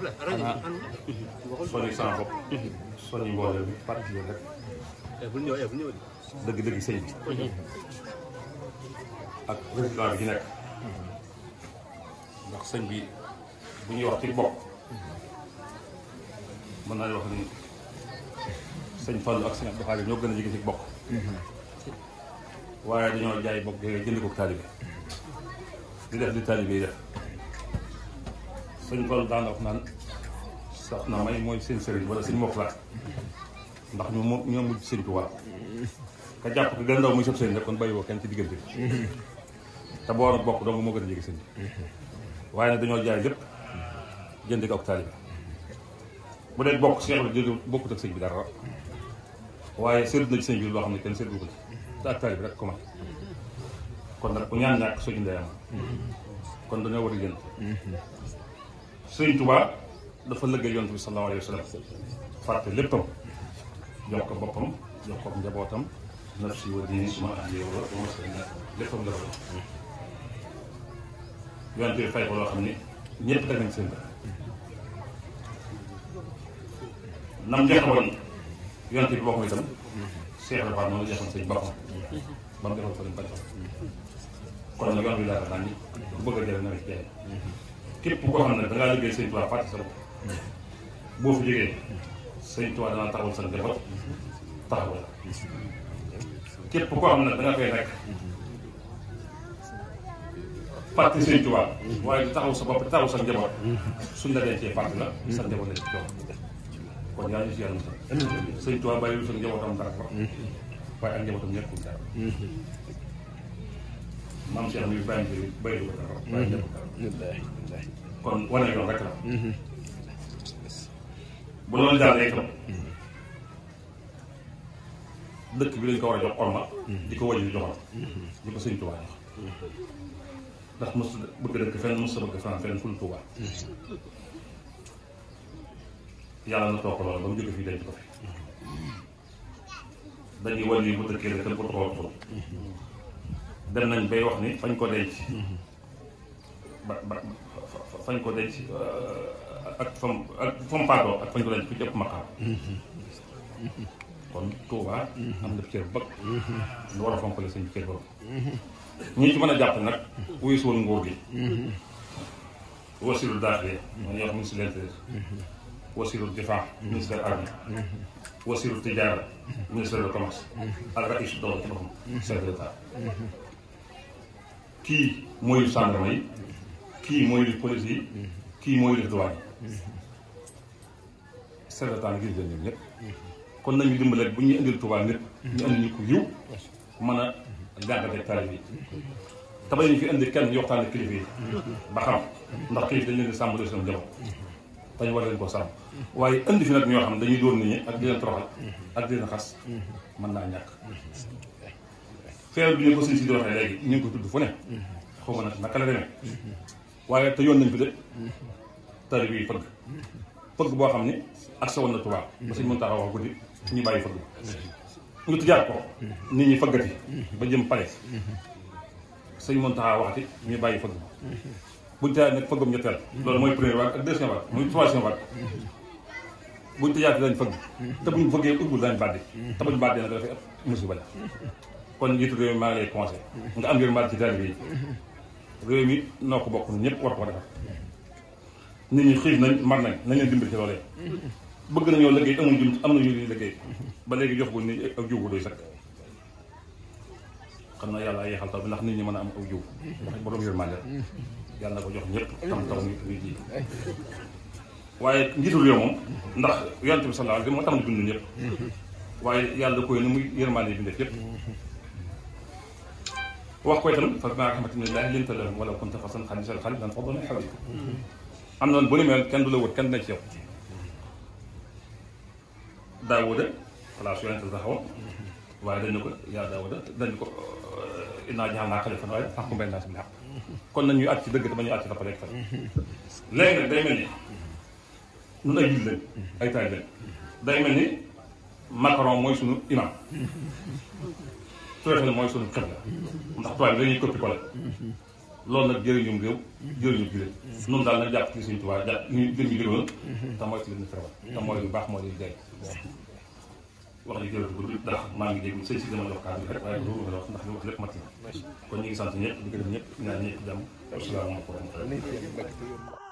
xanaa soñu sama bopp. soñu mbooloo bi particulier rek. dëgg-dëgg bi. ak résultat bi ci nekk. ndax sëñ bi bu ñuy wax ci naa wax ni sëñ Fallou ak ñoo gën a bokk. waaye dañoo jaay bokk jënd def di taalibe yi def. sëñ Fall daan wax naan sax na may mooy seen sëriñ wala sëñ Mokla ndax ñu moo ñoo mujj sëñ Tuubaa ka jàpp ko gën ndaw muy sëb sëriñ rek kon bàyyi woo kenn ci diggante bi te boo waroon bokk dong moo gën a waaye dañoo jaay lépp jënd ko bokk si ñax bi bokkut sëñ bi dara waaye seetlu na ci sëñ bi loo xam ne kenn seetlu ko ci te ak taalibe ko man kon nag kon dañoo war a jënd sëriñ Tuubaa dafa lëggee yonent bi sallallahu alayhi wa sallam fàtte léppam jox ko boppam jox ko njabootam nafsi wa diini suma ahli wa léppam la ko yonent bi fay ko loo xam ne ñëpp teg nañ seen bët nam joxoon yonent bi boppam itam Seex Ibra noonu joxoon sëñ boppam ba mu defoon ko lim ba kon nag yonent bi daal daa ni ku bëgg a jëlee nawet bi képp koo xam ne dangaa liggéey sëñ Tuubaa fàtte sa bopp boo fi jógee sëñ Tuubaa dana taxawal sa njaboot taxawal képp koo xam ne danga fay nekk fàtte sëñ Tuubaa waaye du taxaw sa bopp du taxaw sa njaboot suñ la dencee fàtte la sa njaboot la ci jox kon yaa ngi si yàlla mos a. sëñ Tuubaa bàyyiwul sa njabootam dara waaye ak njabootam nekkul dara. maam Cheikh Ndiouf Ibrahima Ndiouf béy ko dara. waaye mhm. dama ko kon wane yoon rek la. Mhm. bu loolu jàllee itam. Mhm. dëkk bi lañ ko war a jox orma. di ko wàññi joxoon. di ko sëñ Tuubaa jox. ndax mos bëgg dëkk fenn mos bëgg fanaan fenn ful Tuubaa. yàlla na toog loolu ba mu jóge fii denc ko fi. a wàññi bu dëkkee rek te bu toog dem nañ bay wax ni fañ ko denc mm-hmm. ba ba fañ ko denc euh, ak fam ak fam faatoo ak fañ ko denc fu ci ma maqaam mm-hmm. kon Touba mm-hmm. am na cër bëgg lu war a fonkale sëñ bi cër ñii ci mën a jàpp nag wuyu si woon nguur gi wasiru daaxle ma ñuy wax ministre de l'intérieur wasiru difaa ministre de l'armée tijaara ministre de commerce ak rais dool ci boppam chef d'état kii mooy yëf gendarme yi kii mooy yëf police yi kii mooy yëf douane yi servetaan gis leen ñoom ñëpp kon nañu dimbale bu ñuy indil Tuubaa nit ñu indi ñu ko yiw mën a jàngate taalib yi te bañ fi indi kenn ñu waxtaane kilifa yi ba xam ndax kilifa dañ leen di sàmm de seen njaboot dañu war leen ko sàmm waaye indi fi nag ñoo xam ne dañuy dóor nit ñi ak di leen toroxal ak di leen xas mën naa ñàkk feebar bi ne ko suñ si di waxee léegi ñu ngi ko tudd fu ne xaw ma nag naka la demee waaye te yoon nañ fi de tari bi fëgg fëgg boo xam ne ak sa na tubaab ba suñ mën taxaw wax guddi ñu bàyyi fëgg ñu tëjaat ko nit ñi fëggati ba jëm pare sëñ Mountakha waxati ñu bàyyi fëgg buñ tëjaat nag fëggam ñetteel loolu mooy première vague ak deuxième vague muy troisième vague tëjaat dañ fëgg te buñ fëggee ubbi daañ bàddi te buñ bàddee nag dafay ab musiba la kon njiitu réew mi maa ngi lay conseil nga am yërmande ci taalibe yi réew mi noo ko bokk ñëpp war ko ñi xiif nañ mar nañ nañ leen dimbali ci bëgg nañoo liggéey amuñ jum am nañu ñu ba léegi jox ko ni ak jiw bu na yàlla yeexal taw bi ndax nit mën a am aw jiw ndax borom yërmande yàlla ko jox ñëpp tam taw ñu ji waaye njiitu réew ndax yonent bi sallallahu alayhi wa sallam moo tax ñu bind ñëpp waaye yàlla koy ni muy yërmande yi bindee yëpp لهم فبما رحمة من الله لنت لهم ولو كنت فصلا خليج القلب لانفضوا من حولك أما البوليم كان دولو كان نكيو داوود خلاص أنت تزهوا وبعدين نقول يا داوود دنكو آه، إنا جعلنا خليفة غير فحكم بين الناس بالحق كنا نيو أتي دقة ما نيو أتي دقة لك لين دايما نونا أي جيل أي تاجل دايما ماكرون موي سونو إمام su defee ne mooy suñu xel la ndax tubaab bi dañuy coppi ko la loolu nag jëriñum réew jëriñum jullit noonu daal na jàpp ci suñu tubaab jàpp ñu gën ñu gënoon te mooy ci lu baax moo leen jaay wax di jëloon gudd ndax maa ngi déglu sëñ si dama jox kàddu rek waaye loolu la ndax li wax lépp mat na kon ñu ngi sant ñëpp di gërëm ñëpp ñaan ñëpp jàmm asalaamaaleykum